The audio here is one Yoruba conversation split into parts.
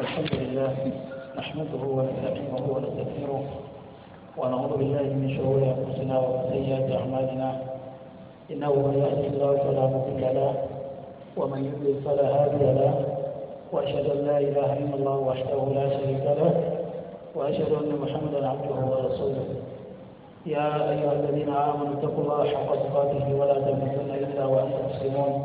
الحمد لله نحمده ونستعينه ونستغفره ونعوذ بالله من شرور انفسنا وسيئات اعمالنا انه من يهده الله فلا مضل له ومن يضلل فلا هادي له واشهد ان لا اله الا الله وحده لا شريك له واشهد ان محمدا عبده ورسوله يا ايها الذين امنوا اتقوا الله حق تقاته ولا تموتن الا وانتم مسلمون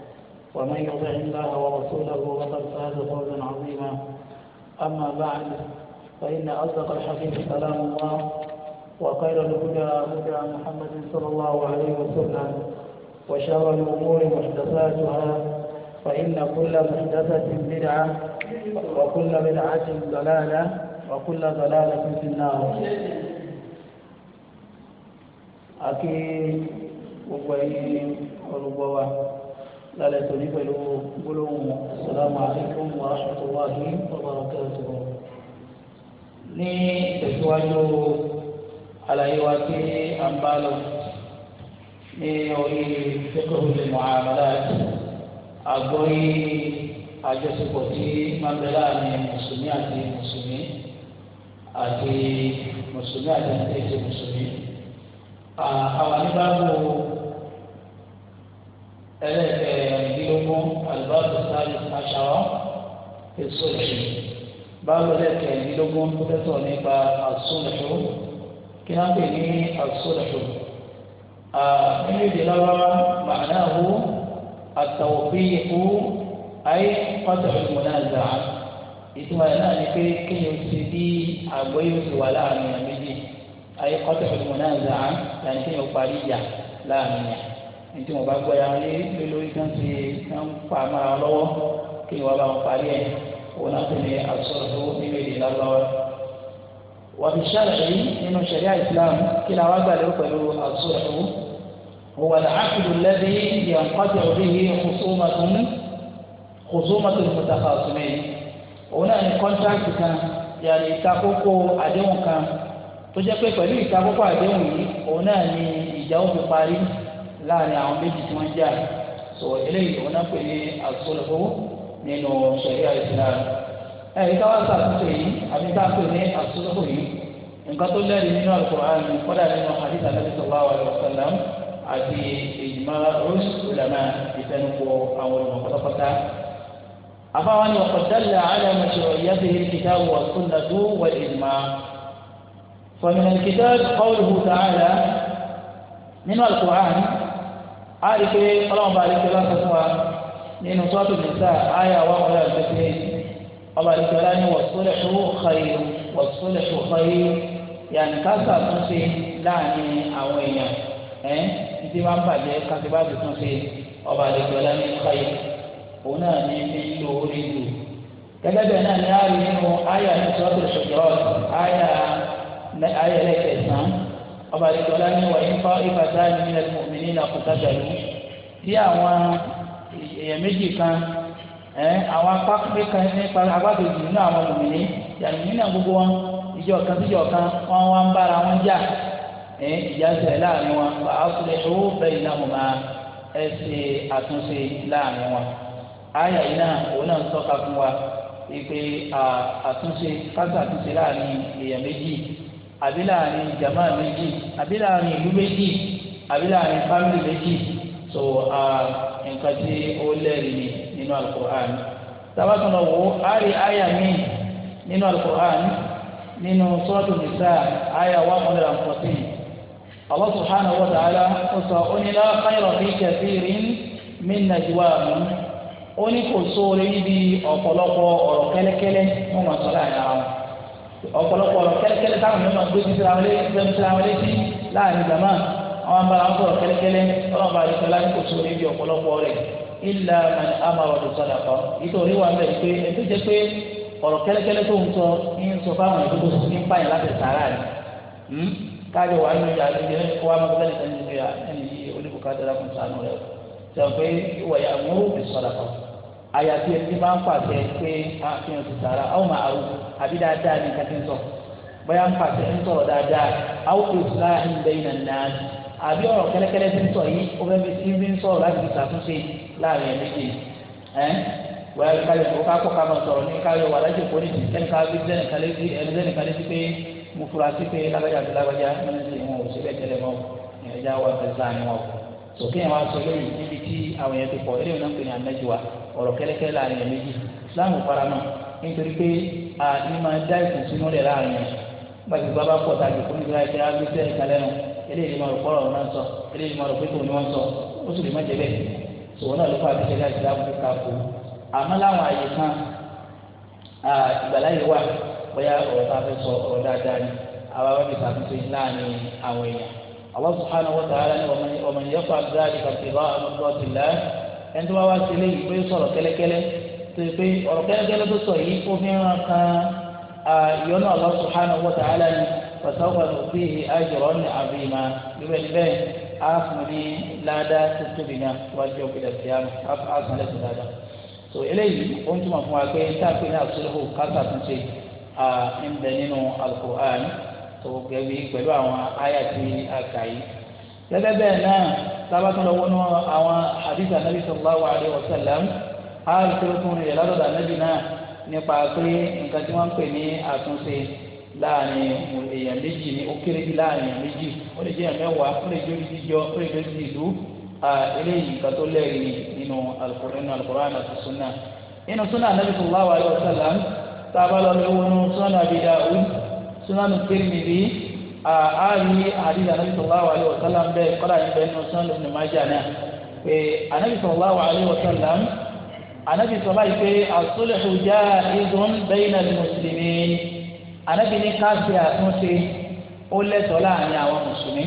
ومن يطع الله ورسوله فقد فاز فوزا عظيما أما بعد فإن أصدق الحديث كلام الله وخير الهدى هدى محمد صلى الله عليه وسلم وشر الأمور محدثاتها فإن كل محدثة بدعة وكل بدعة ضلالة وكل ضلالة في النار أكيد وبين وربوة lálẹ́ tòní pẹ̀lú gbólóhùn asalaamu alaykum wa rahmatulahi wa barakatuhu. ní ìtẹ̀síwájú àlàyé wa tí a ń bá lọ ní orí fẹ́kọ̀ọ́lẹ̀ muamalat àgbọ̀yé àjọṣepọ̀ tí máa bẹ láàrin mùsùlùmí àti mùsùlùmí àti mùsùlùmí àti ẹ̀jẹ̀ mùsùlùmí. àwọn oníbàárò ẹlẹ́kẹ̀ẹ́dínlógún alibadu sáàlì aṣáwá èso ìṣe báwo ẹlẹ́kẹ̀ẹ́dínlógún pẹ́tọ̀ nípa àsúnṣu kí á pè ní àsúnṣu. nínú èdè lọ́wọ́ màánà wo àtàwọ̀fíyẹ̀kú ayé pàtàkì mọ̀nà àzà ìtumọ̀ ẹ̀ náà ni pé kéèyàn ti di àgbọ̀yé oṣù wà láàrin àmì ayé pàtàkì mọ̀nà àzà yàtí kéèyàn parí ìjà láàrin yàtí ní tí wọn bá gbọ́ ya wọn lé lórí kan ti kan pa mára wọn lọ́wọ́ kí wọn bá wọn parí ẹ̀ wọn náà tẹ̀lé àtúnṣe tó nínú èdè lọ́wọ́. wàbí sàlàyé nínú sẹ̀ríà islam kí làwọn gbàlẹ́ pẹ̀lú àtúnṣe tó هو العقد الذي ينقطع به خصومة خصومة المتخاصمين هنا الكونتراكت كان يعني ìtakókò àdéhùn kan tó jẹ́ pé pẹ̀lú ìtakókò àdéhùn yìí òun náà ni ìjà ó fi parí láàrin àwọn méjì tí wọ́n jà so eléyìí wọn náà pè ní àsọlọ́fọ́ nínú sẹ̀ríà Islam ẹ̀ ẹ̀ káwá sàtúnṣe yìí àbí ká pè ní àsọlọ́fọ́ yìí nǹkan ìjìmá rọ́ṣù ìlànà lẹ́rìí nínú Al-Qur'an kọ́dà nínú adisa hadith Ànábì sallallahu alaihi wasallam àti ìjìmá rúṣùlámà ìfẹnukọ àwọn olùmọ̀pátápátá. àbáwọn ni ọkọ̀ dálẹ̀ àlẹ́mọ̀ṣọ̀rọ̀ yẹ́bí kìtà wà súnà tó wà ìjìmá. فمن الكتاب قوله a rí pé ọlọ́run bá rí pé lọ́sọ̀ fún wa nínú sọ́ọ̀tù nìta ayé àwọn ọmọdé àti pé ọba rí pé ọlá ní wọ̀sọ́lẹ̀ tó xayé wọ̀sọ́lẹ̀ tó xayé yàní kásá tún ṣe láàrin àwọn èèyàn ẹ̀ títí máa ń bàjẹ́ kásìbáàbì tún ṣe ọba rí ọlá ní xayé òun náà ní nílò orí ìlú gẹ́gẹ́ náà ni a nínú ayé àti sọ́ọ̀tù ṣòjọ́ọ̀tù ayé ayé lẹ́kẹ̀ẹ́sán mu'minina qatalu tí àwọn èèyàn méjì kan ẹ àwọn apá pé kan nípa agbábẹ́jì nínú àwọn mùmìnì yàtúmínà gbogbo wọn ìjọ kan síjọ kan wọn wá ń bára wọn jà ẹ ìjà ṣẹlẹ̀ láàrin wọn fa aslihu baynahuma ẹ ṣe àtúnṣe láàrin wọn àyà yìí náà òun náà ń tọ́ka fún wa ìpè àtúnṣe kásá àtúnṣe láàrin èèyàn méjì àbí láàrin jàmáà méjì àbí láàrin ìlú méjì àbí láàrin fámìlì méjì so nǹkan tí ó lẹ́rìí ni nínú alukur'an sábàtàn lọ wò ó àárí àyà míì nínú alukur'an nínú sọ́ọ̀tù nìsa àyà wà mọ́lẹ̀ àǹfọ̀tì Allah subhanahu wa ta'ala ó sọ ó ní la khayra fi kathirin min najwahum ó ní kò sóore níbi ọ̀pọ̀lọpọ̀ ọ̀rọ̀ kẹ́lẹ́kẹ́lẹ́ wọn máa sọ láàrin ara wọn ọ̀pọ̀lọpọ̀ ọ̀rọ̀ kẹ́lẹ́kẹ́lẹ́ táwọn yóò máa gbé títí ra wọn létí láàrin àwọn abala ń sọ̀rọ̀ kẹ́lẹ́kẹ́lẹ́ ọlọ́run bá dìtọ́ láti kò sóore bí ọ̀pọ̀lọpọ̀ rẹ̀ ilà mani amara ọdún sọ̀dà kan nítorí wà mẹ́rin pé ẹtú jẹ́ pé ọ̀rọ̀ kẹ́lẹ́kẹ́lẹ́ tó ń sọ ń sọ fáwọn ìdúró ní báyìí láti sàárà rẹ̀ hmm? káàdì wà nínú ìyá àti ìyẹn kó wà mọ́ bẹ́ẹ̀ sẹ́ni ìgbé ẹni yìí olùkọ́ kájọra kún sànù rẹ̀ sọ pé ìwà yà mú ìsọ̀dà kan àyàfi ẹni máa ń pàṣẹ pé àfihàn ti sàárà àwọn máa rú àbí dáadáa ní kàtí bóyá ń pàṣẹ ń sọ̀rọ̀ dáadáa àwọn kò sáà ń bẹ́ẹ̀ náà àbí ọ̀rọ̀ kẹ́lẹ́kẹ́lẹ́ ti ń sọ yìí ó fẹ́ fi ti ń sọ̀rọ̀ láti fi ṣàtúnṣe láàrin ẹ̀mí ṣe ẹ́ wọ́n yà kálí ọ̀ká kó ká máa sọ̀rọ̀ ní káyọ̀ wà lájẹ̀ kó nìyí ẹni ká bí zẹ́nì kálí sí ẹni zẹ́nì kálí sí pé mo fura sí pé lágbájá àti lágbájá mẹ́rin sí wọn ò sí bẹ́ẹ̀ tẹ́lẹ̀ mọ́ ẹ̀yà wà fẹ́ sáà ni wọn kò sókè yẹn wá sọ lórí níbi tí àwọn yẹn ti pọ̀ eré ìwọ̀n pè ní amẹ́jì wa ọ̀rọ̀ kẹ́lẹ́kẹ́lẹ́ láàrin yẹn méjì Islam fara mọ́ nítorí pé a ní máa dá ìkùnsínú rẹ̀ láàrin yẹn gbàgbé bàbá pọ̀ tàbí kó nígbà yẹn kí á gbé sẹ́yìn kalẹ́ nù eléyìí máa rò kọ́rọ̀ náà sọ eléyìí máa rò pé tòun ni wọ́n sọ ó sì lè má jẹ bẹ́ẹ̀ sòwò náà ló fà bí ṣẹlẹ̀ ìsìlámù kíkà kó àmọ́ láwọn àyè kan ìgbàláyè wà bóyá ọ̀rọ̀ tá a fẹ́ sọ ọ̀rọ̀ dáadáa ni àwa wọ́n fi sàtúnṣe láàrin àwọn èèyàn Allah subhanahu wa ta'ala ni wa man yaf'al dhalika ibtigha'a mardatillah ẹni tó bá wá sí eléyìí pé sọ̀rọ̀ kẹ́lẹ́kẹ́lẹ́ tó yẹ fasawfa nutihi ajran azima irú ẹni bẹ́ẹ̀ lada fún ní ládàá tó tóbi náà wájú so eléyìí ó ń túmọ̀ fún wa pé táàpì náà sọ́dọ̀ kásá tún ṣe ń bẹ nínú alukur'an tó gẹ̀bi pẹ̀lú àwọn àyà tí a kà yìí wọnú àwọn hadith anabi sallallahu alayhi wa sallam ààrùn tó tún rẹ̀ ládọ̀dọ̀ anabi náà nípa pé nǹkan tí wọ́n ń pè ní àtúnṣe láàrin èèyàn méjì ni ó kéré jù láàrin èèyàn méjì ó lè jẹ́ èèyàn mẹ́wàá ó lè jẹ́ orí jíjọ ó lè jẹ́ orí ìlú eléyìí nǹkan tó lẹ́rìí nínú Al-Qur'an àti sunna nínú sunna anabi sallallahu alayhi wa sallam tábà lọ lọ wọnú sunna Abi Dawud sunna Tirmidhi àárí hadith anabi sallallahu alayhi wa sallam bẹ́ẹ̀ kọ́lá yìí bẹ́ẹ̀ nínú sunna Ibn Majah náà pé anabi sallallahu alayhi wa sallam anabi sọlá yìí pé as-sulhu jaa'izun bayna al-muslimin. Ànábì ní ká ṣe àtúnṣe ó lẹ́tọ̀ọ́ láàrin àwọn mùsùlùmí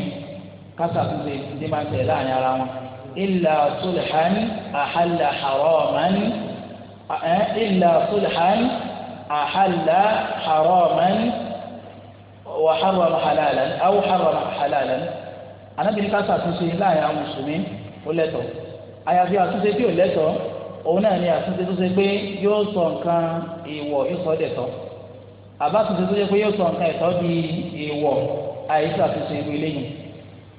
ká ṣàtúnṣe ní máa tẹ̀ láàrin ara wọn illa sulhan ahalla haraman illa sulhan ahalla haraman wa harrama halalan aw harrama halalan Ànábì ní ká ṣàtúnṣe láàrin àwọn mùsùlùmí ó lẹ́tọ̀ọ́ àyàfi àtúnṣe tí ò lẹ́tọ̀ọ́ òun náà ni àtúnṣe tó ṣe pé yóò sọ nǹkan ìwọ̀ yóò sọ ọ́ dẹ̀ tọ́. Aba tó yẹ pé yóò sọ nǹkan ẹ̀tọ́ di èèwọ̀ àìsí àtúnṣe irú eléyìí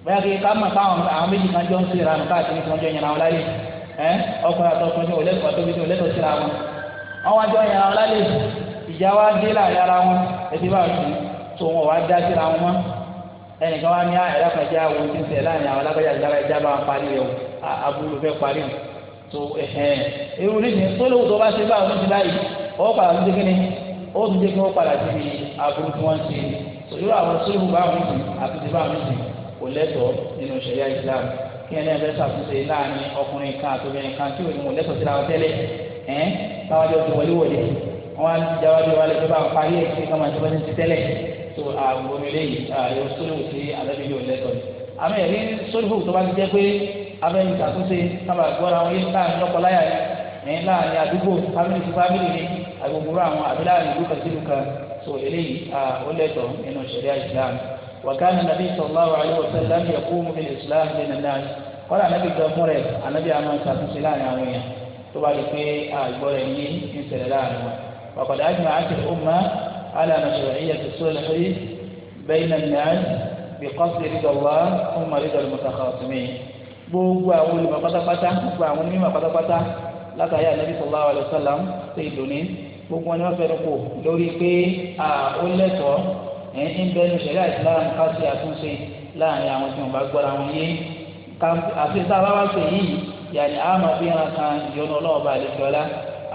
bóyá kí ká mọ̀ káwọn àwọn méjì kan jọ ń ṣe ìranù káàkiri tí wọ́n jọ yẹn àwọn láyè ẹ ọkùnrin àti ọkùnrin olẹ́tọ̀ọ́ tóbi tó olẹ́tọ̀ọ́ síra wọn wọ́n wá jọ yẹn àwọn ìjà wa dé láàyè ara wọn ẹbí bá tù tó wọn wá dá síra wọn ẹnìkan wá ní ti tẹ̀ àwọn bá ó tún jẹ́ kí wọ́n padà síbi aburú tí wọ́n ṣe sòdúró àwọn sóòrùn bá wọn sìn àti ti bá wọn sìn kò lẹ́tọ̀ọ́ nínú ṣẹ̀ríà Islam kí ẹni ẹ̀fẹ́ ṣàtúnṣe láàrin ọkùnrin kan àti obìnrin kan tí òun ò lẹ́tọ̀ọ́ síra wọn tẹ́lẹ̀ ẹ̀ táwọn jọ ti wọlé wọlé wọn á ti jáwájú wa lẹ́tọ̀ọ́ bá wọn parí ẹ̀ sí kọ́mọ̀ tí wọ́n ti tẹ́lẹ̀ tó àwọn eléyìí yóò sóòrùn sí àlẹ́bí yóò lẹ́tọ̀ọ́ àmì ẹ̀rí sóòrùn tó bá ti jẹ́ pé abẹ́ni ṣàtúnṣe kábàgbọ́ra wọn yé láàrin lọ́kọ láyà ní láàrin àdúgbò fámìlì fámìlì ni agbègbè àwọn abilá ìlú kàtìlú kan tó eléyìí ó lẹ́tọ̀ nínú ṣẹ̀ríà islam wàkàna nàbí sallallahu alayhi wa sallam yaqumu bil islam lẹ́nu náà kọ́lá ànábì gan fún rẹ̀ ànábì àmọ́ ṣàtúnṣe láàrin àwọn èèyàn tó bá rí pé àgbọ̀ rẹ̀ ń ṣẹlẹ̀ láàrin wọn. وقد أجمعت الأمة على مشروعية الصلح بين الناس بقصد رضا الله ثم رضا المتخاصمين gbogbo àwọn olùmọ̀ pátápátá gbogbo àwọn onímọ̀ pátápátá látàrí ànábì sallallahu alaihi wasallam ṣe ìdùnní gbogbo wọn ni wọ́n fẹ́ẹ́ kó lórí pé ó lẹ́tọ̀ọ́ ẹ̀ ń bẹ́nu ṣẹ̀rí àìsíláàmù ká ṣe àtúnṣe láàrin àwọn tí wọ́n bá gbọ́ra wọn yé àfi tá a bá wá ṣe yìí yàrá a máa bí ẹran kan ìyọnu ọlọ́wọ́ bá àlejò ọlá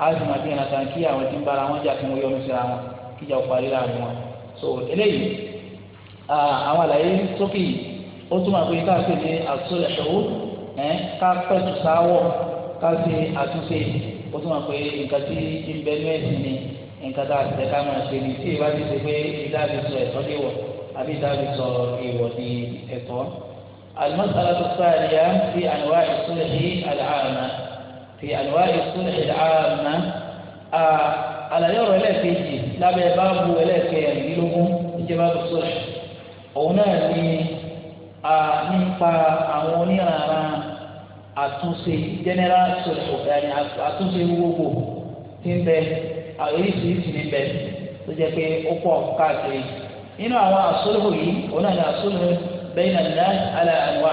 a sì máa bí ẹran kan kí àwọn tí ń bára wọn jà kí wọ́n yọnu síra wọn kíjà ó parí láàrin wọn. so eléyìí àwọn àlàyé sókè yìí ó túmọ̀ pé ká ṣe ní àtúnṣe ẹ̀ṣọ́ ká pẹ̀tù sáwọ̀ ká àtúnṣe yìí ó tún wà pé nǹkan tí ń bẹ mẹ́sìn ni nǹkan tá a ti tẹ́ka máa ṣe ni tí ìwà ti ṣe pé ìdáàbí sọ ẹ̀tọ́ dé wọ̀ àbí ìdáàbí sọ ìwọ̀ di ẹ̀tọ́. المسألة الثانية في أنواع الصلح العامة في أنواع الصلح العامة àlàyọ̀rọ̀ ẹlẹ́ẹ̀kejì lábẹ́ báàbù ẹlẹ́ẹ̀kẹrìndínlógún níjẹ́ báàbù sọ̀rọ̀ òun náà ní nípa àwọn onírànà àtúnṣe general ẹni eh, àtúnṣe gbogbo ti ń bẹ oríṣiríṣi ní bẹ tó jẹ pé ó pọ̀ káàkiri nínú àwọn àsọlùwò yìí òun náà ní àsọlùwò bẹ́ẹ̀ náà ní alẹ́ àlùwà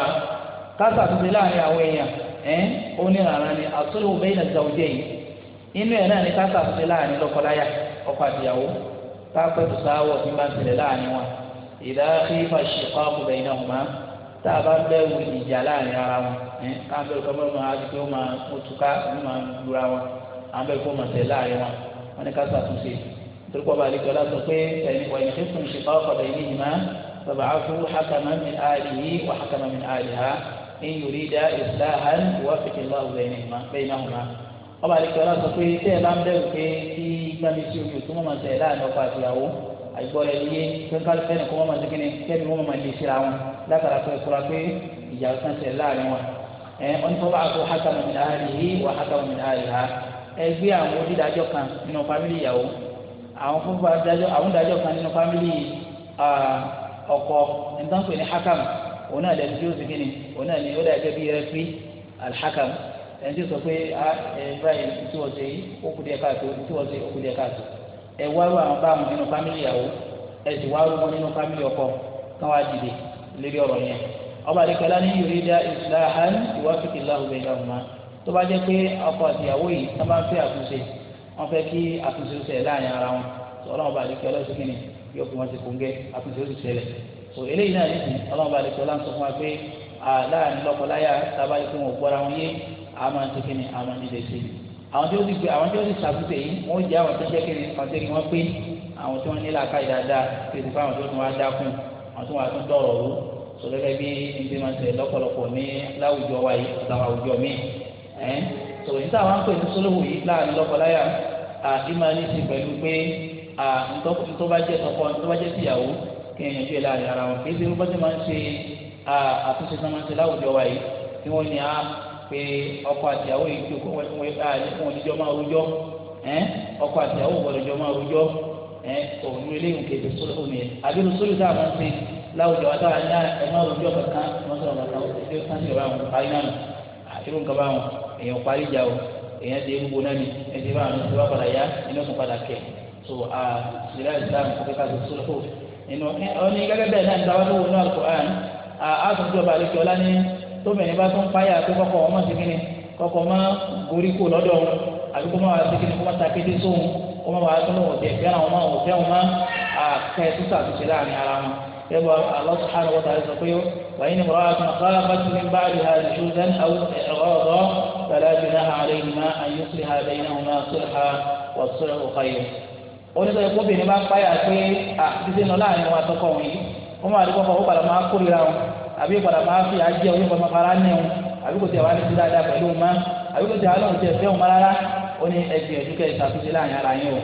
káàkiri àtúnṣe láàrin àwọn èèyàn ẹ̀ ó ní ràrá ní àsọlùwò bẹ́ẹ̀ náà zàwùjẹ́ yìí inú ẹ̀ náà ní káàkiri àtúnṣe láàrin lọ́kọláya ọkọ àtìyàwó káàkiri àtúnṣe àwọ̀ tí máa ń tẹ̀lé láàrin wọn ìdá fífa ṣèkọ́ tá a bá ń bẹ̀rù ìjà láàrin ara wọn ẹ̀ ká bẹ̀rù kọ́ mọ́ máa di pé ó máa mú túká ó máa lura wọn à ń bẹ̀rù kó máa tẹ̀ láàrin wọn wọn ni ká ṣàtúnṣe torí pọ̀ bàálí kọ́lá sọ pé wàyí fi fún ìṣèpá ọ̀kọ̀dọ̀ ilé ìmá bàbá àfú hakama min alihi wà hakama min aliha in yurida islahan wà fìkì lọ́wọ́ bẹ́ẹ̀ náà wọn. ọba àlekọ́lá sọ pé tẹ́ ẹ bá ń bẹ̀rù pé kí gbàmísí omi òtún àìgbọ́ra ẹyẹ kẹ́kẹ́ fẹ́ni kó wọ́n máa ṣe kíni kẹ́ni wọ́n máa lè ṣera wọn látara pé fúra pé ìjà kan ṣe láàrin wọn. ẹ wọn ní fọwọ́ àgọ́ hákàmù mi náà rí i wà hákàmù mi náà rí i ha ẹ gbé àwọn onídàájọ́ kan nínú fámìlì ìyàwó àwọn fúnfà dájọ́ àwọn dájọ́ kan nínú fámìlì ọkọ nǹkan pè ní hákàmù òun náà lẹ́nu tí òun náà ni ó dà gẹ́gẹ́ ẹ wá rú àwọn báwọn nínú fámìlì ìyàwó ẹ sì wá rú wọn nínú fámìlì ọkọ kán wá dìde lórí ọ̀rọ̀ yẹn ọba àdìkọlá ní yorùbá islahan ìwáfíkìlá ọgbẹ̀dàmọ́ tó bá jẹ́ pé ọkọ àtìyàwó yìí wọ́n bá ń fẹ́ àtúnṣe wọ́n fẹ́ kí àtúnṣe ó ṣẹlẹ̀ láàrin ara wọn tó ọlọ́run bá àdìkọ́ ọlọ́sìn kìíní yóò fún wọn sí kóńgẹ́ àtúnṣe ó sì ṣẹlẹ̀ tó eléyìí náà nìsín ọlọ́run bá àdìkọ́ láǹsọ fún wa pé láàrin lọ́kọláya tábàlì pé wọn gbọ́ra wọn yé àmọ́ àti kìíní àmọ́ ìdè sí i àwọn tí ó ti gbé àwọn tí ó ti ṣàtúnṣe yìí wọ́n jẹ́ àwọn tó jẹ́ kéde kan tẹ́lẹ̀ wọ́n pé àwọn tí wọ́n ní làákà dáadáa kéde fún àwọn tó tún wá dákun àwọn tó wà tún dọ̀rọ̀ wò sọ gẹ́gẹ́ bí ndé máa tẹ̀ lọ́pọ̀lọpọ̀ ní láwùjọ wa yìí àtàwọn àwùjọ míì ẹ̀ sọ̀rọ̀ yìí táwọn ń pè ní sólówó yìí láàrin lọ́kọláyà àti máa ní ti pẹ̀lú pé ntọ́bajẹ́ tọkọ ntọ́bajẹ́ tìyàwó kéèyàn ju ìlànà ara wọn kí ebi wọ́n bá ti máa ń ṣe àtúnṣe tí wọ́n máa ń ṣe láwùjọ wa yìí tí wọ́n ní ah, pé ọkọ àtìyàwó yìí tó kó wọn wọn a ní wọn níjọ máa rújọ ọkọ àtìyàwó gbọ́dọ̀ jọ máa rújọ òun eléyìí nǹkan èdè sólù omi àbínú sólù tá a máa ń ṣe láwùjọ àtàwọn ní ẹ máa rújọ kankan wọn sọ̀rọ̀ kankan ó ti kán sí ìbáwọn parí náà irú nǹkan báwọn èèyàn parí ìjà o èèyàn ti ń gbóná ni ẹ ti báwọn ti wá padà yá inú kò padà kẹ so a ìlà ìsìlámù kò kíkà sí sólù nínú ọ ní gẹ́gẹ́ bẹ́ẹ̀ náà ìdáwọ́ tóbìnrin bá tó ń páyà pé kọ́kọ́ ọmọ ti kíni kọ́kọ́ má gorí kò lọ́dọ̀ òun àbí kó má wàá ti kíni kó má ta kété sóhun kó má wàá tó lóun òtẹ̀ fẹ́ràn òun má òun fẹ́ òun má àkẹ́ sísà àtúnṣe láàrin ara wọn. يبقى الله سبحانه وتعالى يقول وإن امرأة خافت من بعدها نشوزا أو إعراضا فلا جناح عليهما أن يصلح بينهما صلحا والصلح خير onídọ̀ ikú bìnrin bá ń páyà pé àti sínú láàrin wọn yìí wọn máa dúpọ̀ fún ọkọ̀ àbí padà máa fi àjẹ òye padà máa fara nẹ́wọ̀n àbí kò tẹ̀ wá ní ti dáadáa pẹ̀lú òun má àbí kò tẹ̀ wá lọ́wọ́ tẹ̀ fẹ́ òun rárá ó ní ẹgbẹ́ ìdúkẹ́ ìṣàtúnṣe láàrin ara yín o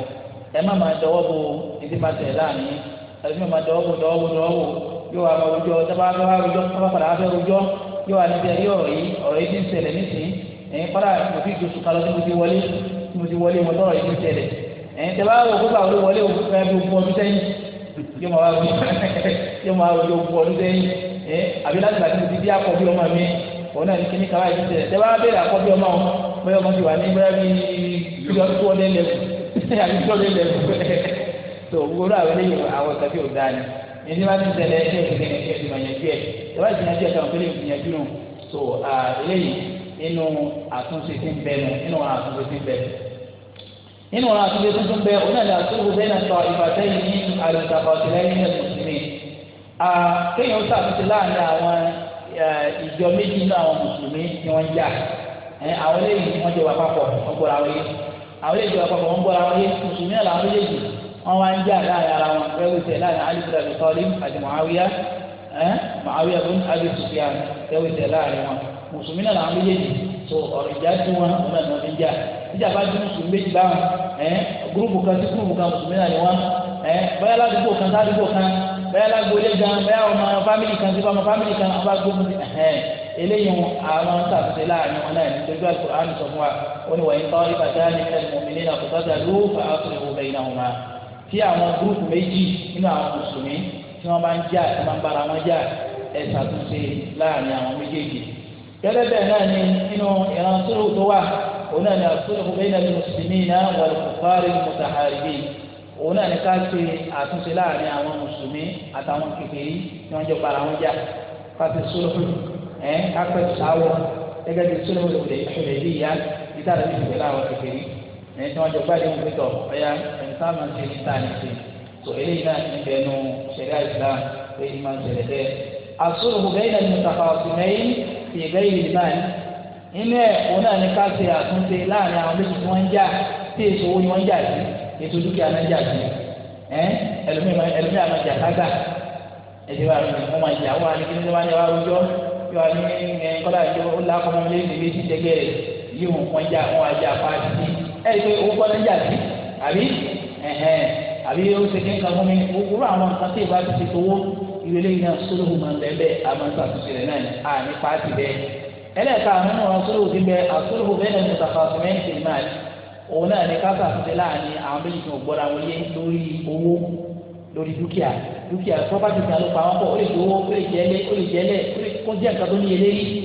ẹ má máa dọwọ́ bo ìdí bá tẹ̀ láàrin ẹbí mi máa dọwọ́ bo dọwọ́ bo dọwọ́ bo yóò wá máa rojọ́ dábàá wá rojọ́ dábàá padà wá fẹ́ rojọ́ yóò wá níbi ẹ̀rí ọ̀rọ̀ yìí ọ̀rọ̀ yìí ti ń ṣẹlẹ̀ nísìnyí ẹ̀yin padà mo fi gbèsè kalọ́ ẹ àbí láti bàtí mo ti bí akọbí ọmọ mi òun náà ní kíní kaba yìí tẹ̀lé tẹ́ bá bẹ̀rẹ̀ akọbí ọmọ wọn bẹ́ẹ̀ ọmọ ti wà ní bẹ́ẹ̀ bí bílíọ̀ tó ọdẹ lẹ́kù àbí tó ọdẹ lẹ́kù tó gbogbo àwọn eléyìí àwọn kàbí ò dáa ni ẹni bá ti tẹ̀lé ẹ̀ ẹ̀ ìgbìyànjú ẹ̀ ẹ̀ bá ìgbìyànjú ẹ̀ kàn fẹ́lẹ̀ ìgbìyànjú nù so eléyìí inú àtúnṣe ti ń bẹ nù inú àtúnṣe ti ń bẹ inú àtúnṣe ti ń bẹ òun náà ni àtúnṣe kéèyàn ṣàtúnṣe láàrin àwọn ìjọ méjì nínú àwọn mùsùlùmí ni wọ́n jà àwọn eléyìí wọ́n jọ wà papọ̀ wọ́n gbọ́ra wọ́n yé àwọn eléyìí jọ wà papọ̀ wọ́n gbọ́ra wọ́n yé mùsùlùmí náà làwọn méjèèjì wọ́n wá ń jà láàrin ara wọn rẹ́wù tẹ̀ láàrin alifura bin Talib àti Muawiya Muawiya bin Abi Sufyan rẹ́wù láàrin wọn mùsùlùmí bẹ́ẹ̀ lágbóyè gan bẹ́ẹ̀ ọmọ fámìlì kan síbi ọmọ fámìlì kan ọba gbóhùn ní ẹ̀hẹ́n eléyìí àwọn sàkóso láàrin wọn náà nítorí àti àánú sọ fún wa ó ní wọ̀nyí tọ́lí bàtà ní ẹ̀mọ́mìnì náà kò sọ́jà ló fà á fún ìwò bẹ́ẹ̀ náà wọn. tí àwọn gúrúùpù méjì nínú àwọn mùsùlùmí tí wọ́n bá ń jà tí wọ́n bá ara wọn jà ẹ̀ sàtúnṣe láàrin àwọn méjèèjì. gẹ́gẹ́ bẹ́ẹ̀ náà ni nínú ìrántí òun náà ní ká ṣe àtúnṣe láàrin àwọn mùsùlùmí àtàwọn kékeré tí wọ́n jọ para wọn jà káfí sólùfù ẹ̀ káfí sáwọ gẹ́gẹ́ bí sólùfù lòdì ìṣẹ̀lẹ̀ yìí yá títà lórí ìṣẹ̀lẹ̀ àwọn kékeré ẹ̀ tí wọ́n jọ gbàdé wọn pẹ̀tọ̀ ọ̀yà ẹ̀ńtà máa ń ṣe níta ní ṣe tó eléyìí náà ń bẹ nu ṣẹ̀ríà Islam pé ìmọ̀ ń ṣẹlẹ̀ bẹ́ẹ̀. àsólùfù bẹ́ẹ̀ náà ní ètò dúkìá náà jà sí ẹ ẹlòmíràn ẹlòmíràn máa jà kágbà ẹdí wa wọn máa jà wọn àti kíni wọn ni wọn arúgbó yọ wọn ní ẹ kọlá ìjọ ó là kọ́ wọn lé níbi tí tẹ́gẹ́ rẹ̀ yìí wọn wọn jà wọn àjà pa sí ẹ ẹ pé owó kọ́lá jà sí àbí ẹ̀hẹ́n àbí ó ṣe kí n kan fún mi òwúrọ̀ àwọn nǹkan tí ìbá ti ti fowó ìrẹ̀lẹ̀ yìí náà sólóhùn máa ń bẹ bẹ àmọ́ ṣàtúnṣe rẹ̀ náà à ní pàtì bẹ́ẹ̀ ẹlẹ́ẹ̀ka àwọn ọ̀rọ̀ sólóhùn ti náà òun náà ní káfà fúnṣe láàrin àwọn méjì tó gbọ́dọ̀ àwọn yé lórí owó lórí dúkìá dúkìá tó bá dúkìá ló pa wọn pọ̀ ó lè jẹ́ owó ó lè jẹ́lé ó lè jẹ́lé kó jẹ́ nǹkan tó ní yẹlé yìí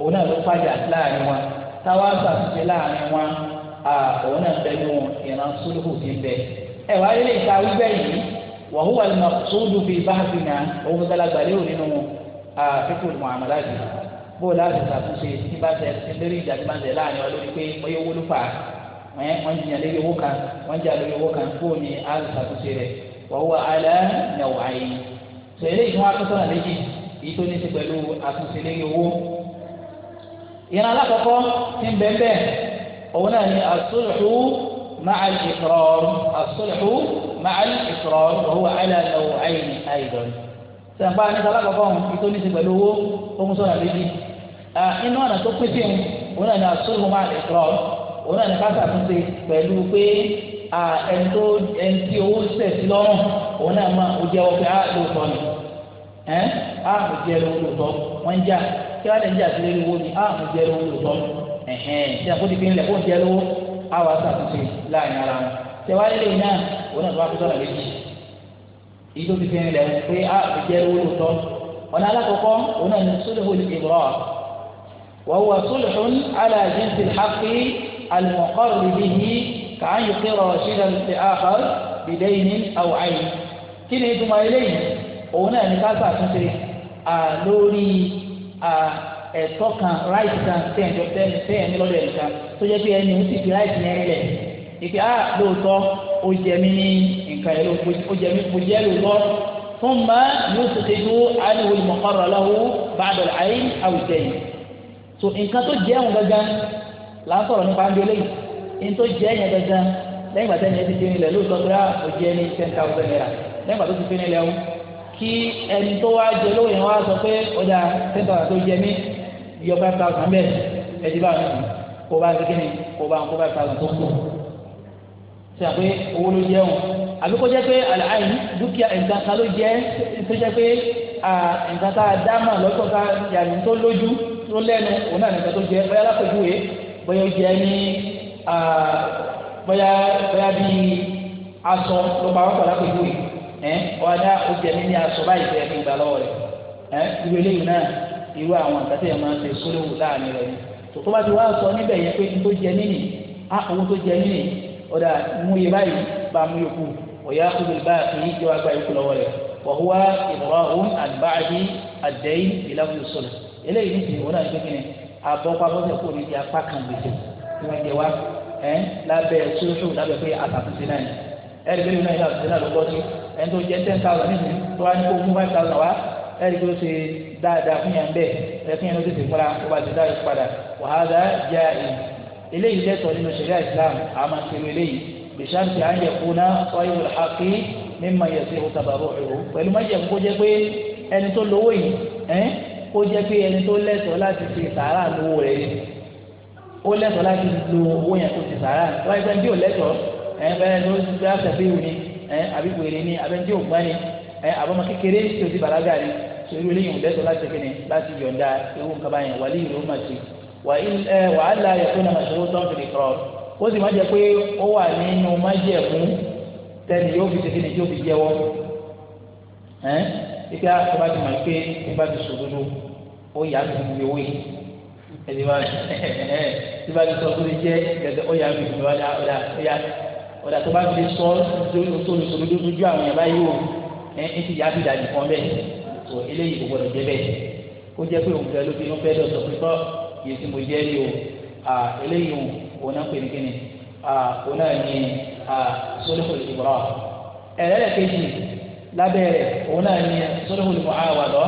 òun náà ló fàjà láàrin wọn táwa fàṣẹ láàrin wọn òun náà bẹ nù ìran sólùkù ti bẹ ẹ wàá lè ta wíwẹ̀ yìí wa huwa al-maqsudu fi bahthina òun gbàlagbàlẹ́ òun nínú fífún muamalat bó o láti ṣàtúnṣe nígbà tẹ ẹ lórí ẹ eh, wọn jìyàn lórí owó kan wọn jà lórí owó kan kó ní alùpàtúnṣe rẹ wọ́n wọ alẹ́ nàwó ayé tó eléyìí wọn atúntò náà léjì èyí tó ní ti pẹ̀lú àtúnṣe lórí owó. ìran alákọ̀ọ́kọ́ ti ń bẹ́ẹ̀ bẹ́ẹ̀ òun náà ni asúlùú máa ìkọ̀rọ̀ asúlùú máa ìkọ̀rọ̀ wọ́n wọ alẹ́ nàwó ayé ní àìdọ̀ sẹ̀ǹpá ní alákọ̀ọ́kọ́ èyí tó ní ti pẹ̀lú owó tó ń sọ̀rọ̀ léjì. inú ọ̀nà tó pín sí òun náà ní ká ṣàtúnṣe pẹ̀lú pé ẹni tó ẹni tí owó ṣẹ̀ sí lọ́rùn òun náà máa ó jẹ́wọ́ pé á lóòótọ́ ni ẹ́ á mo jẹ́ lóòótọ́ wọ́n ń jà kí wọ́n lè ń jà sí lórí owó ni á mo jẹ́ lóòótọ́ ẹ̀hẹ́n tí a kó ti fi ń lẹ̀ kó ń jẹ́ lówó á wà láàrin ara wọn tẹ̀wáyé lè náà òun náà tó wá fi sọ̀rọ̀ méjì èyí ti fi ń lẹ̀ pé á mo jẹ́ المقر به كأن يقر رشيدا لآخر بدين أو عين كنا يتم إليه هنا نكاسة تنسي lórí ẹ̀tọ́ kan right kan tẹ̀yìnjọ tẹ̀yìn lọ́dọ̀ ẹ̀ka tó jẹ́ pé ẹni ó sì fi right yẹn lẹ̀ ìpè á lóòótọ́ ó jẹ mí ní nǹkan ẹ̀rọ ó jẹ mí kò jẹ́ lóòótọ́ fún ma yóò ṣe ṣe ju àníwò ìmọ̀kọ́rọ̀ lọ́wọ́ bá a dọ̀rọ̀ àyè àwùjẹ yìí so nǹkan tó jẹ́ wọn gangan là ń sọ̀rọ̀ nípa ń bí eléyìí ní tó jẹ́ yẹn gangan lẹ́yìn ìgbà tẹ́ni ẹ ti fi nílẹ̀ lóòótọ́ pé ah, ó jẹ́ ní ten thousand naira lẹ́yìn ìgbà tó ti fi nílẹ̀ o kí ẹni tó wá jẹ lówó yẹn wá sọ pé ọjà ten thousand tó jẹ mí yọ five thousand bẹ́ẹ̀ ẹ ti bá wọn kó bá ti kíni kó bá kó five thousand tó kù ṣe àpé owó ló jẹ́ wọn àbí kó jẹ́ pé àlàyé dúkìá ìtàkà ló jẹ́ tó jẹ́ pé ìtàkà dámà lọ́tọ̀ yàrá tó lójú tó lẹ́nu òun náà nìkan tó jẹ́ bóyá bóyá ó jẹ ní bóyá bóyá bíi aṣọ ló máa wá pàdé àpèjú yìí ẹ ọ̀hún adá ó jẹ ní ní aṣọ báyìí tẹ̀ ní ìgbà lọ́wọ́ rẹ̀ ẹ irú eléyìí náà irú àwọn nǹkan tẹ̀ máa ń ṣe sólówó láàrin rẹ̀ ni tó bá ti wá sọ níbẹ̀ yẹn pé tó jẹ nínì á owó tó jẹ nínì ọ̀dà mú iye báyìí bá mú yòókù ọ̀yá kúlù báyìí kì í jẹ́ gba yòókù lọ́wọ́ rẹ̀ wọ̀húwá ìmọ̀ràn òun àdìbáàdì àdẹ́yìn ìlàkùn abọ́pamọ́sẹ̀ kò ní di apá kan gbèsè tí wọ́n jẹ wá ẹ́ lábẹ́ ṣóṣó lábẹ́ pé àtàkùnṣe náà ni ẹ̀rí pé nínú ìlànà ìlànà lọ́gbọ́n sí ẹni tó jẹ ten thousand nínú tó wá ní kó mú five thousand wá ẹ̀rí pé ó ṣe dáadáa fún yàn bẹ́ẹ̀ ẹ̀ fún yàn ló tètè múra ó bá ti dáa padà wàhálà já èyí eléyìí lẹ́tọ̀ nínú ṣẹ̀ríà Islam àmà ṣèlú eléyìí bìṣáǹtì à ń yẹ kúná ọyọ ìlhàkí mímọ ìyẹsẹ̀ òtàbàbọ̀ ẹ̀rọ pẹ̀lú májẹ̀mú kó jẹ́ pé ẹni tó lówó yìí kó jẹ́ pé ẹni tó lẹ́tọ̀ọ́ láti fi sàárà lówó rẹ̀ ni ó lẹ́tọ̀ọ́ láti lo owó yẹn kó fi sàárà wáyé pé ẹni tí ò lẹ́tọ̀ọ́ ẹ̀ bẹ́ẹ̀ ló ti fi àṣẹfẹ́ ìwé ni ẹ̀ àbí wèrè ni abẹ́ni tí ò gbọ́n ni ẹ̀ àbọ̀mọ kékeré tí ò ti bàlágà ni sori wele yìí lẹ́tọ̀ọ́ láti fi ni láti yọ̀ǹda ewu nkaba yẹn wàlí ìlú ma ti wàhálà yẹ fún ọmọ ìṣòro tán fìdí kọ́ ó sì má jẹ pé ó wà nínú májẹ̀mú tẹ́ni yóò fi ibi àti bá ti mọ̀ pé ibi bá ti sòdodo ó yà á ti fi owó yìí ẹni bá ti bá ti sọ fún mi jẹ́ gẹ́gẹ́ ó yà á fi fi wá ọ̀dà ọ̀dà ọ̀dà tó bá fi sọ tó ní sòdodo lójú àwọn yàrá yìí o ẹ ẹ ti yà á fi dàjú kan bẹ́ẹ̀ tó eléyìí kò gbọdọ̀ jẹ́ bẹ́ẹ̀ kó jẹ́ pé òun fẹ́ ló fi inú fẹ́ dọ̀tọ̀ pé yìí tí mo jẹ́ rí o eléyìí òun náà pè ní kíni òun náà ní lábẹ́rẹ̀ òun náà ní sọ́dọ̀hùn ní mu'awadọ̀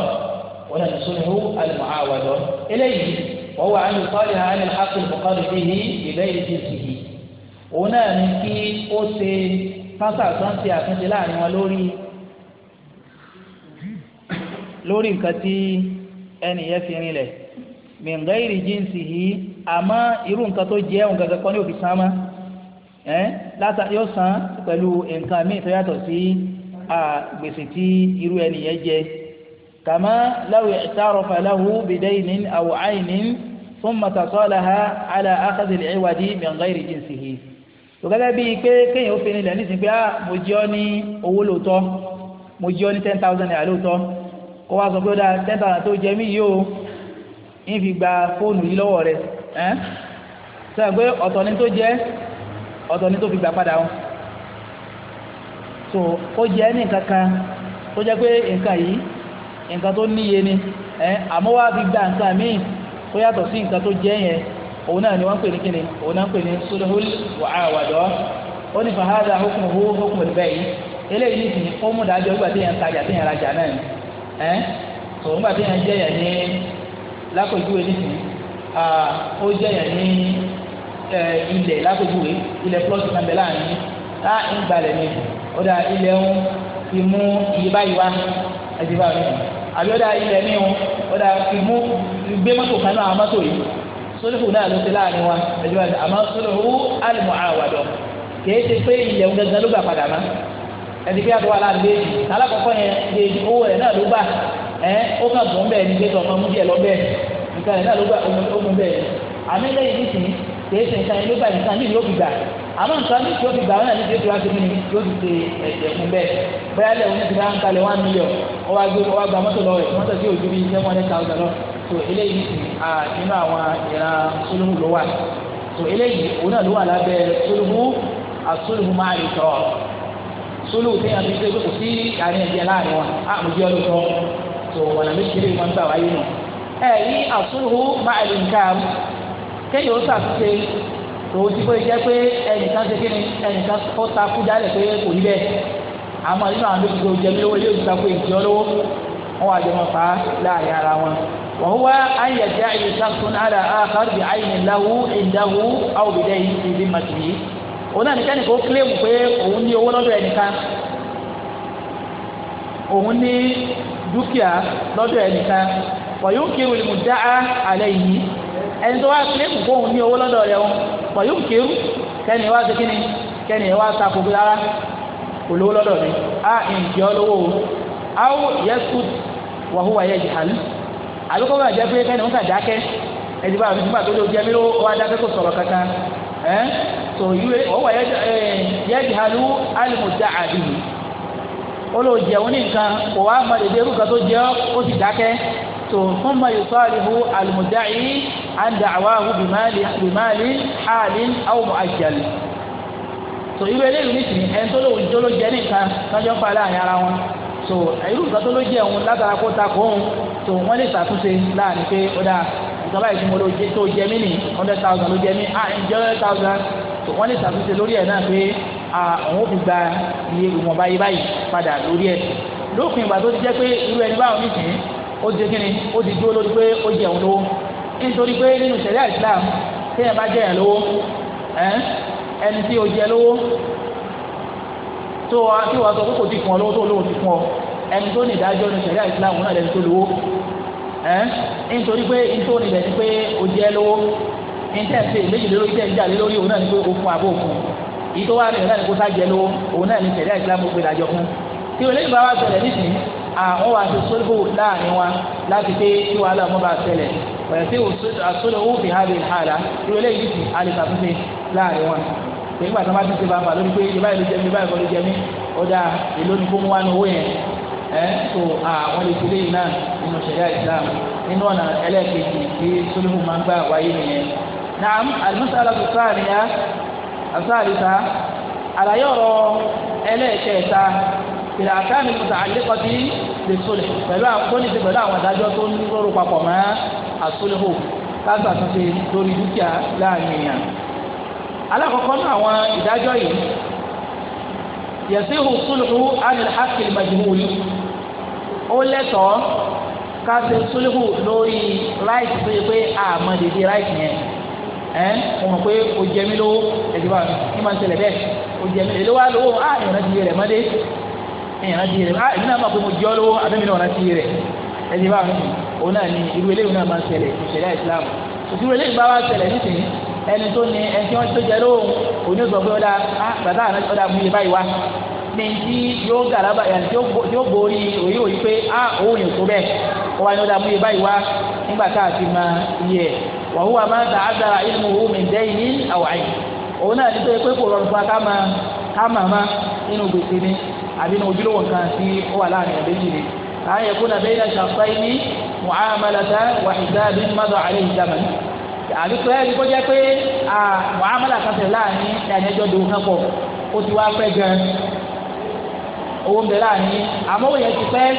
òun náà ní sọ́dọ̀hùn àlè mu'awadọ̀ eléyìí wọ́n wà ánú sọ́ọ̀lì àánú àkùn bùkọ́lù bíi ìbẹ́ ìdíjì yìí òun náà ní kí ó ṣe pásá sọ́ǹtì àtúnṣe láàrin wọn lórí lórí nǹkan tí ẹnì yẹn fi rinlẹ̀ mìǹgá ìrì jíǹsì yìí àmọ́ irú san pẹ̀lú nǹkan míì tó yàtọ̀ sí gbèsè tí irú ẹni yẹn jẹ kàmá law i'tarafa lahu bidaynin aw 'aynin thumma tasalaha ala akhadhi al-'iwadi min ghayri jinsihi tòkẹ́tẹ́ bíi pé kéèyàn ó fi nílẹ̀ nísìnyí pé ah mo jẹ́ ọ ní owó lóòótọ́ mo jẹ́ ọ ní ten thousand naira lóòótọ́ kó wá sọ pé ó dáa ten thousand tó jẹ mí yìí o ń fi gba fóònù yìí lọ́wọ́ rẹ̀ ẹ́ sọ pé ọ̀tọ̀ ni tó jẹ́ ọ̀tọ̀ ni tó fi gbà padà wọn so kó jẹ́ ní kankan kó jẹ́ pé nǹkan yìí nǹkan ni ẹ àmọ́ fi gba nǹkan míì kó yàtọ̀ sí nǹkan tó jẹ́ yẹn òun náà ni wọ́n pè ní kíni òun náà pè ní wa awadọ́ ó ní fàhádà hukmuhu hukmul bay'i eléyìí ní ìsìn ó mú dájọ́ nígbà tí yẹn ń tajà tí yẹn rajà náà ni tó nígbà tí yẹn jẹ́ yẹn ní ní ìsìn ó jẹ́ yẹn ní ilẹ̀ ta ah, ń gbalẹ̀ ni ó ń fi mú iye báyìí wá àbí fi gbé mọ́tò kan àwọn mọ́tò yìí sólùfù náà ló ti láàrin wa ẹ̀dí báyìí àmọ́ sólùfù àlùmọ̀ àwàdọ̀ kìí ṣe pé ilẹ̀ ń gangan ló gbà padà má ẹ̀dí bí àtọwà láàrin bẹ́ẹ̀ alákọ̀ọ́kọ́ yẹn lè owó rẹ̀ náà ló gbà ẹ̀ ó bẹ́ẹ̀ ní àmọ́ nǹkan ní tí ó ti gbà wọn ní tí ó ti wá sí ní tí ó ti ṣe ẹ̀jẹ̀ fún bẹ́ẹ̀ bẹ́ẹ̀ lẹ̀ wọ́n ti bá ń kalẹ̀ one million wọ́n wá gbé wọ́n wá gba mọ́tò lọ rẹ̀ mọ́tò tí ò ju bíi seven hundred thousand lọ tó eléyìí nínú àwọn ìran sólùmù ló wà tó eléyìí òun náà ló wà lábẹ́ sólùmù àsólùmù máa lè tọ̀ sólùmù tí yàtọ̀ ṣe kò sí àárín ẹ̀jẹ̀ láàrin wa á mo jẹ́ ọlọ́tọ̀ tó wọ̀nà méjìlél ẹ̀yí àsólùmù máa lè nǹkan kéèyàn ó sàtúnṣe tòun ti pé jẹ́ pé ẹnìkan ṣe kíni ẹnìkan ó ta kú jálẹ̀ pé kò rí bẹ́ẹ̀ àmọ́ nínú àwọn olóògbé tó jẹmí lówó ilé òṣìṣẹ́ pé ìjọ lówó wọn wà jẹmọ fà á láàyè ara wọn. wọ́n wá ayé jẹ́ ayé sáfún ara àkàrà bí ayé ńláwó ìdáwó àwòbídẹ́ ìdí màtìrí. òun náà nìkan nìkan ó kílèmù pé òun ní owó lọ́dọ̀ ẹnìkan òun ní dúkìá lọ́dọ̀ ẹnìkan wọ́n yóò kí olùmùdá àlẹ́ yìí ẹni tó wá kílèmù pé òun ní owó lọ́dọ̀ rẹ̀ wọn wàyó kéwù kẹ́ni wá sí kíni kẹ́ni wá sako bí rárá lọ́dọ̀ mi a ǹjẹ́ olówó o awo yẹsù wàhùwà yẹ jìhálù àbíkọ́ jẹ́ pé kẹ́ni wọ́n kà dákẹ́ ẹ̀dí bá àbíkú pàtó ló jẹ́ mi ló wá dákẹ́ kó sọ̀rọ̀ kankan ẹ̀ tó ìwé wàhùwà yẹ jìhálù alimusa àdìyí ní nǹkan kò wá so thumma yusalihu al-mudda'i an da'wahu bimali bimali halin so irú eléyìí ní sìn ẹni tó lóun tó ló jẹ nìkan lọ́jọ́ pa láàrin ara wọn so irú nǹkan tó ló jẹ òun látara kó ta kó òun so wọ́n lè ṣàtúnṣe láàrin pé ó dáa ìjọba yìí tí mo tó jẹ mí ní hundred thousand ló jẹ mí ah ǹjẹ́ hundred thousand so wọ́n lè ṣàtúnṣe lórí ẹ̀ náà pé àwọn ò fi gba iye ìwọ̀nba yìí báyìí padà lórí ẹ̀ lópin ìgbà tó ti jẹ́ pé irú ẹni báwọn nìsín ó di kíni ó di dúró lórí pé ó jẹ òun lówó nítorí pé nínú ṣẹ̀ríà Islam téèyàn bá jẹ yàn lówó ẹni tí o jẹ lówó tó wa tí wàá sọ pé kò ti fún ọ lówó tó lówó ti fún ọ ẹni tó ní ìdájọ́ nínú ṣẹ̀ríà Islam náà lẹni tó lówó nítorí pé nítorí níbẹ̀ ni pé o jẹ lówó níta ẹsẹ̀ méjì lórí tẹ̀ ń jà lé lórí òun náà ni pé o fún abó fún ìtọ́wá rẹ̀ náà ni kó sá jẹ lówó òun náà ni ṣẹ̀ríà Islam gbé ìdájọ́ fún tí àwọn wà ti sólùbù láàrin wa láti pé kí wàhálà ọmọ bá ṣẹlẹ̀ ọ̀yà tí àsólùbù fi hàlẹ̀ hàlà irú eléyìí ti alìsàtúnṣe láàrin wa nígbà tí wọ́n bá ti ṣe bàbà lórí pé ìbáyìí ló jẹ mí ìbáyìí kọ́ ló jẹ mí ó dáa èló ni kó mú wá ní owó yẹn ẹ tó àwọn lè tilé yìí náà nínú ṣẹ̀ríà Islam nínú ọ̀nà ẹlẹ́ẹ̀kejì tí sólùbù máa ń gbà wáyé nìyẹn. naam alimusala tó sáà nìyà àsáàlì ta àlàyé ọ̀rọ̀ ẹlẹ́ẹ̀kẹta ìlà àkáàmì kùtà àlékọ́tì lè sólè pẹ̀lú àkóníṣe pẹ̀lú àwọn adájọ́ tó ń lóró papọ̀ mọ́ àsólèhò láti àtúnṣe lórí dúkìá láàrin èèyàn. alákọ̀ọ́kọ́ náà àwọn ìdájọ́ yìí yẹ̀síhù sólèhù ánìlá hákìlì màjìmúlì ó lẹ́tọ̀ọ́ ká ṣe sólèhù lórí ráìtì tó yẹ pé àmọ́ dèdè ráìtì yẹn ẹ mo mọ pé o jẹ mí lówó ẹdí wa ní ma ń tẹlẹ bẹ́ẹ̀ o jẹ mí lówó alówó a ìrántí rẹ mọdé ẹ̀yìn rántí rẹ̀ ah èmi náà máa pé mo jẹ́ lówó àbẹ́mi náà rántí rẹ̀ ẹni bá mi òun náà ni irú eléyìí náà máa ń ṣẹlẹ̀ ìṣẹ̀lẹ̀ Islam irú eléyìí bá wá ṣẹlẹ̀ nísìnyí ẹni tó ní ẹni tí wọ́n tó jẹ́ lówó òun yóò sọ pé ọ̀dà ah bàtà àná ọ̀dà mú iye báyìí wá ní ti yóò gàlábà yàrá tí ó borí òye òye pé ah òun yóò tó bẹ́ẹ̀ ó wá ní ọ̀dà mú iye báyìí wá nígbà tá a ti máa yẹ wà hùwà máa ta àdàrà ìlú òun mi dẹ́yìn ní àwàyè òun náà ní tó yẹ pé kò rọrùn fún wa ká máa ká máa má nínú gbèsè ni àbí ní ojúlówó nǹkan tí ó wà láàrin ẹ̀ méjì ni láàyè kó nàbẹ́ iná ṣàǹfààní ní mu'amalata wà ìdábí mọ́tò àlẹ́ ìjàmbá ni àbí pé ẹni kó jẹ́ pé mu'amala kan tẹ̀ láàrin ìdájọ́ dòwò kan pọ̀ ó ti wá pẹ́ gan owó ń bẹ láàrin àmọ́ òye ti pẹ́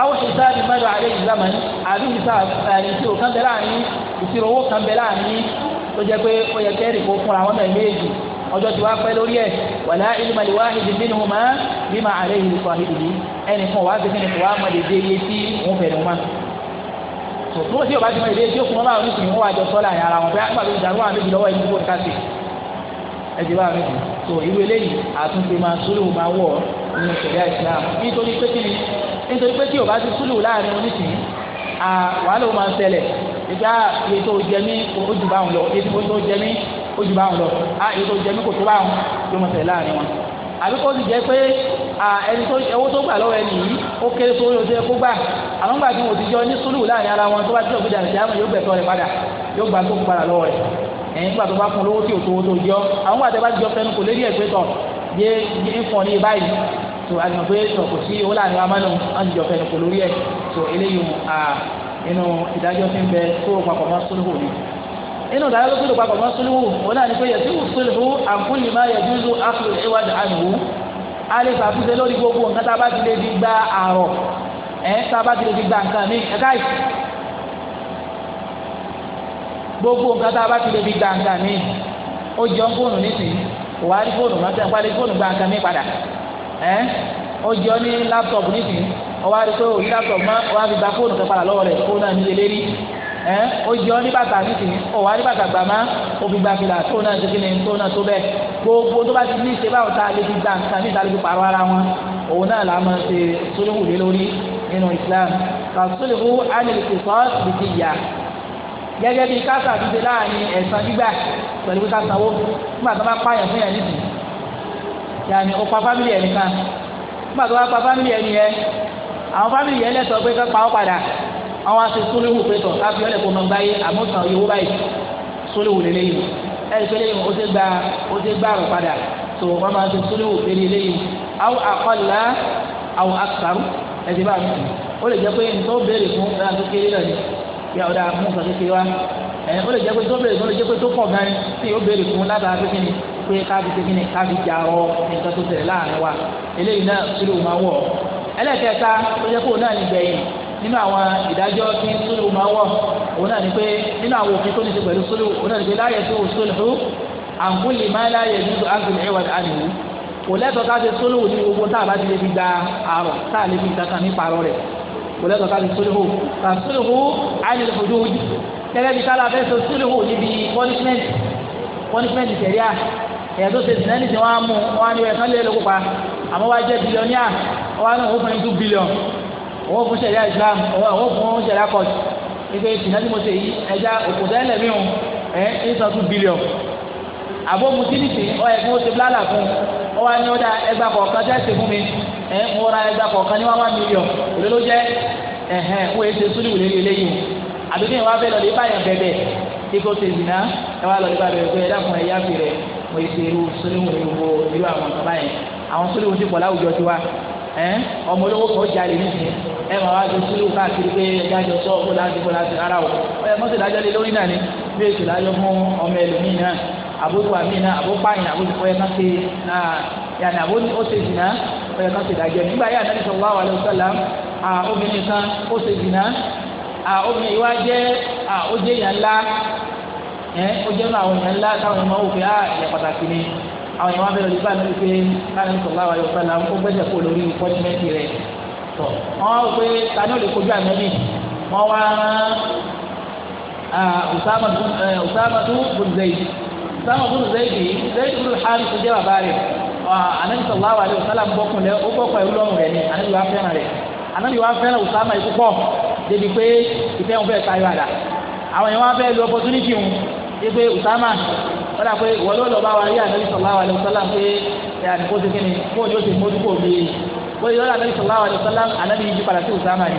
awo hisabi madu alayhi zaman abi hisab ẹni tí o kan bẹ láàrin ìṣirò owó kan bẹ láàrin tó jẹ́ pé ó yẹ kẹ́rì kó fúnra wọn náà méjì ọjọ́ ti wá pẹ́ lórí ẹ̀ wàlá ilma li wahid minhuma bima alayhi li sahibihi ẹnì kan wàá gbẹ́sẹ̀ nìkan wàá mọ̀ dédé iye tí òun fẹ̀ nìkan tó tí o bá ti mọ ìdí tí o kún wọn bá wọn nísìnyí wọn wà jọ sọ́lá yàrá wọn pé àgbà ah, tó dàrú àwọn méjì lọ́wọ́ ìdí kò ká sí ẹ̀jẹ̀ bá mi tó irú eléyìí àtúnṣe máa sùúrù máa wọ̀ nínú ìṣẹ̀lẹ̀ Islam nítorí pé ó ju báwọn lọ a èyí tó jẹ mí kò tó báwọn yóò mọ̀ tẹ̀lé láàrin wọn àbí kó ti jẹ pé ẹni tó owó tó gbà lọ́wọ́ ẹni yìí ó kéré tó yóò tó yẹ kó gbà àwọn gbà tí wọn ti jọ ní sùúrù láàrin ara wọn tó bá ti lọ́ọ́ gbé dàrẹ́ jáàmù yóò gbẹ̀tọ́ rẹ̀ padà yóò gbà tó padà lọ́wọ́ rẹ̀ ẹ̀yìn gbà tó bá fún lówó tí òtò tó jọ àwọn gbà tó bá jọ fẹnu kò lérí ẹ̀gbẹ́ tọ̀ yé fún ọ ní báyìí tó àgbà pé tọ̀ kò sí owó láàrin amánu wọn ti jọ fẹnu kò lórí ẹ̀ tó eléyìí inú ìdájọ́ ti ń bẹ tó papọ̀ mọ́ inú ìdájọ́ tó gbọ́dọ̀ papọ̀ mọ́ suluhu òun náà ni pé yẹtí wù suluhu àǹkúlì ya yẹ júlù áfíìlì ìwádìí àdùhù a lè fàtúnṣe lórí gbogbo nǹkan tá a bá ti lè fi gba àrọ̀ ẹ̀ tá a bá ti lè fi gba nǹkan mi ẹ̀ka yìí gbogbo nǹkan tá a bá ti lè fi gba nǹkan mi ó jọ fóònù nísìnyí wà á rí fóònù máa tẹ̀ wá rí gba nǹkan mi padà ẹ̀ ó jọ ní láptọ̀pù nísìnyí ọwọ́ á rí pé òní láptọ̀pù máa wá fi gba fóònù kan padà lọ́wọ́ rẹ̀ fóònù náà ní ẹ ó yọ ní bàtà nísìnyí ó wà ní bàtà gbàmá òbí gbàgbìlà tó náà tó kíni tó náà tó bẹ gbogbo tó bá ti ní ṣe báwọn tá a lè fi gbà nǹkan ní ìdálẹ́bí pàrọ̀ ara wọn òun náà là máa ṣe sólùwù lé lórí nínú Islam kàṣólùwù ánìlìkì sọ́ọ̀sì ti ti yà gẹ́gẹ́ bí kásà ti ṣe láàrin ẹ̀sán gbígbà pẹ̀lú pé kásà wó nígbà tó bá pààyàn fún yàn nídìí yàní ó pa fámìlì ẹ̀ nìkan nígbà tó bá pa fámìlì ẹ̀ nìyẹn àwọn fámìlì yẹn lẹ́sọ̀ pé kọ́ pa ọ́ padà wọn wá sí sólíwù pétọ káfí ọlẹ́kọ̀ máa gbá yé àmọ́tàn yòówó báyìí sólíwù lélẹ́yìn ẹ̀rí pé lẹ́yìn ó ti gba ó ti gbá àrò padà tó wọn máa sí sólíwù péré lẹ́yìn àwọn àkọlà àwọn akàrú ẹ̀sìn bá mi ó lè jẹ́ pé nítorí béèrè fún ẹ̀rọ tó kéré lọ́ni yà ọ̀dà mú nǹkan kékeré wá ẹ̀ ó lè jẹ́ pé tó béèrè fún ó lè jẹ́ pé tó pọ̀ gan tí yóò béèrè fún látara pé kíni pé káàbí pé káàbí jà ọ nǹkan tó tẹ̀lé láàrin wa eléyìí náà sólíwù máa wọ̀ ẹlẹ́kẹ̀ẹ́ta ó jẹ́ pé náà ní nínú àwọn ìdájọ́ tí sólù máa wọ̀ òun náà ni pé nínú àwọn òfin tó ní ti pẹ̀lú sólù òun náà ni pé láyé tó sólù àǹkúlì máa láyé nínú àgùn ìwà àdìmú kò lẹ́tọ̀ọ́ ká ṣe sólù ní gbogbo tá a bá ti lè fi gba àrọ̀ tá a lè fi kankan ní parọ́ rẹ̀ kò lẹ́tọ̀ọ́ ká ṣe sólù kà sólù àìlè fojú tẹ́lẹ̀ bí kálá fẹ́ ṣe sólù níbi punishment punishment tẹ̀ríà ẹ̀yà owó fún sẹ̀ríà islam owó fún sẹ̀ríà court ibi tìǹda tí mo ṣe yí ẹja òkùnjà ẹlẹ́mìí o ẹ ẹ sọ two billion àbó mu tí nìsín ọ yẹ kí wọ́n ṣe blálà fún ọ wá ní ọjà ẹgbà kọ̀ọ̀kan tẹ́ ṣe fún mi ẹ mo ra ẹgbà kọ̀ọ̀kan ní one million òde ló jẹ́ ẹ̀hẹ̀n wọ́n èsè súnì wùlé ní eléyìí o àbí kí wọ́n abẹ́ lọ́ọ́ lè báyà bẹ̀bẹ̀ kí kò ṣe zìnà ẹ wá lọ́ọ́ lè bá bẹ̀rẹ̀ pé ẹ dákun ẹ yá fi rẹ̀ mo èsè irú súnì wùlé wo irú àwọn kaba yẹn àwọn súnì wùlé ti pọ̀ láwùjọ tiwa ẹ ọmọ olówó kan ó jalè nísìnyí ẹ máa wá ju sílù káàkiri pé ẹja jọ sọ kó láti kó láti rárá o ẹ mọ́tò ìdájọ́ lé lórí náà ni bí èsì ìdájọ́ fún ọmọ ẹlòmíì náà àbójú àmì náà àbópáyìn àbójú ọyẹ kan ṣe náà yàrá àbójú ó ṣe jìnnà ọyẹ kan ṣe ìdájọ́ nígbà yà nàbí sọ wàhálà ọ̀sọ́là obìnrin kan ó ṣe jìnnà obìnrin wa jẹ́ ó jẹ́ yàn ńlá ó jẹ́ nù àwọn yàn ńlá táwọn ọmọ òfin á yẹ pàtàkì ni àwọn yàn wá bẹ̀rẹ̀ lórí báyìí pé káàdì sọ̀rọ̀ àwọn ọ̀sọ́là ó gbẹ́sẹ̀ kó lórí pọ́tímẹ́ntì rẹ̀ tọ wọn wá pé tani ó lè kojú ànábì wọn wá usamatu usamatu bùnzẹyì usamatu bùnzẹyì zẹyì bùnú hàrí tó jẹ bàbá rẹ anabi sọlá wà lẹ ọsálà bọkùn lẹ ó bọkùn ẹ lọrùn rẹ ni anabi wà fẹ́ràn rẹ anabi wà fẹ́ràn usama yìí púpọ̀ débi pé ìfẹ́ wọn fẹ́ tayọ àdá àwọn yẹn wọn fẹ́ lu opportunity wọn ipe usama wọn dà pé wọlé ọlọ́ba wa yé anabi sọlá wà lẹ ọsálà pé ẹ àdìpọ̀ sí kíni fóònù yóò ti mójú kò bíi bóyá yọrọ anabi sallallahu alayhi wa sallam anabi yìí padà sí usama ni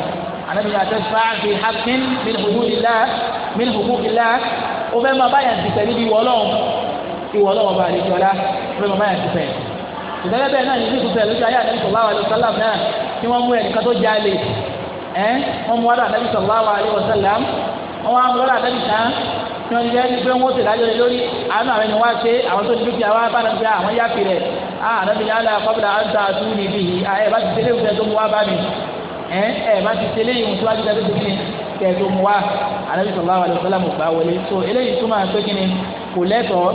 anabi yìí àti fàáfi hakin min hukukilá min hukukilá o fẹ́ máa báyà ti sẹ́ni bí wọ́lọ́wọ́ ìwọ́lọ́wọ́ bá àlejò ọ̀la o fẹ́ máa báyà ti sẹ́ni ìtẹ́lẹ̀ bẹ́ẹ̀ náà ní ìlú ìtúsẹ̀ lójú ayé anabi sallallahu alayhi wa náà kí wọ́n mú ẹnìkan tó jalè ẹ́ wọ́n mú wàdà anabi sallallahu alayhi wa wọ́n wá mú wàdà anabi tán kí wọ́n jẹ́ pé wọ́n ti dájọ́ lórí àwọn àwọn ẹni wá ṣe àwọn tó ní dúkìá wá bá ànábi ní alẹ́ àkọ́bìlà àǹtà àtú ní ibi yìí ẹ bá ti tẹ̀lé ìwúsẹ̀ tó mú wá bá mi ẹ ẹ bá ti tẹ̀lé ìwúsẹ̀ wájú tẹ̀lé tó kíni kẹ̀ tó mú wá ànábi sallallahu alaihi wasallam gbà wọlé so eléyìí túmọ̀ pé kíni kò lẹ́tọ̀ọ́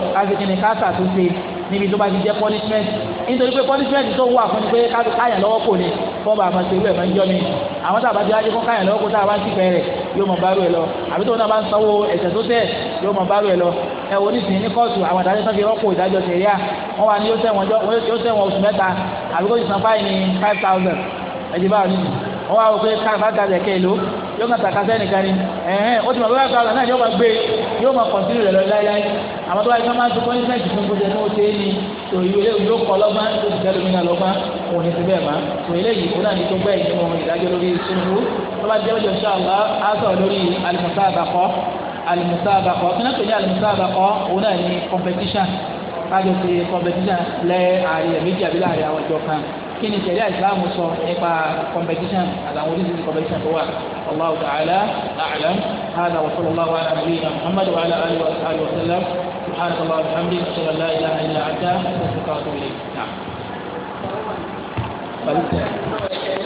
níbi tó bá ti jẹ́ punishment nítorí pé punishment tó wà fún ni pé káyàn lọ́wọ́ kò ní fọ́ọ̀bù àmọ́sẹ̀rú ẹ̀ máa ń jọ mi àwọn tàbá ti wájú fún káyàn lọ́wọ́ kó tá a bá ń tìpẹ́ rẹ̀ yóò mọ̀ bá rú ẹ lọ àbí tó náà bá ń sanwó ẹ̀sẹ̀ tó tẹ̀ yóò mọ̀ bá rú ẹ lọ ẹ wo ní sìn ní kóòtù àwọn ìdájọ́ tó fi rọ́pò ìdájọ́ sẹ̀ríà wọ́n wá ní yóò ṣẹ̀wọ̀n oṣù mẹ́ta àbí kó ti san fáìní five thousand ẹ̀dínbáwò yóò kàn tàkasẹ́ nìkan ni ẹ̀hẹ́n ó ti mọ̀ bá bá náà yóò máa gbé yóò máa kọ̀ntínú rẹ̀ lọ láíláí àmọ́ tó bá yẹ máa ń sọkọ́ nígbà tí gbogbo ẹni ó ṣe é ní tó ìwé eléyìí yóò kọ́ lọ́gbọ́n tó ti tẹ́lẹ̀ mìíràn lọ́gbọ́n òun ní ti bẹ́ẹ̀ má tó eléyìí òun náà ní tó gbẹ́ ìdí wọn ìdájọ́ lórí sunubu tó bá jẹ́ ọjọ́ sọ́ọ̀lá á sọ̀rọ̀ lórí alimusabakọ alimusabakọ kí náà tó ní alimusabakọ òun náà ní competition kájọ ti competition lẹ́ àárín ẹ̀ méjì àbí láàárín àwọn ìjọ kan kí ni ṣẹ̀ríà ìsìláàmù sọ nípa competition àtàwọn oríṣiríṣi competition tó wà Allahu ta'ala a'lam hada wa sallallahu ala nabiyyina Muhammad wa ala alihi wa sahbihi wa sallam subhanaka wa bihamdika ashhadu an la ilaha illa anta astaghfiruka wa atubu ilayk.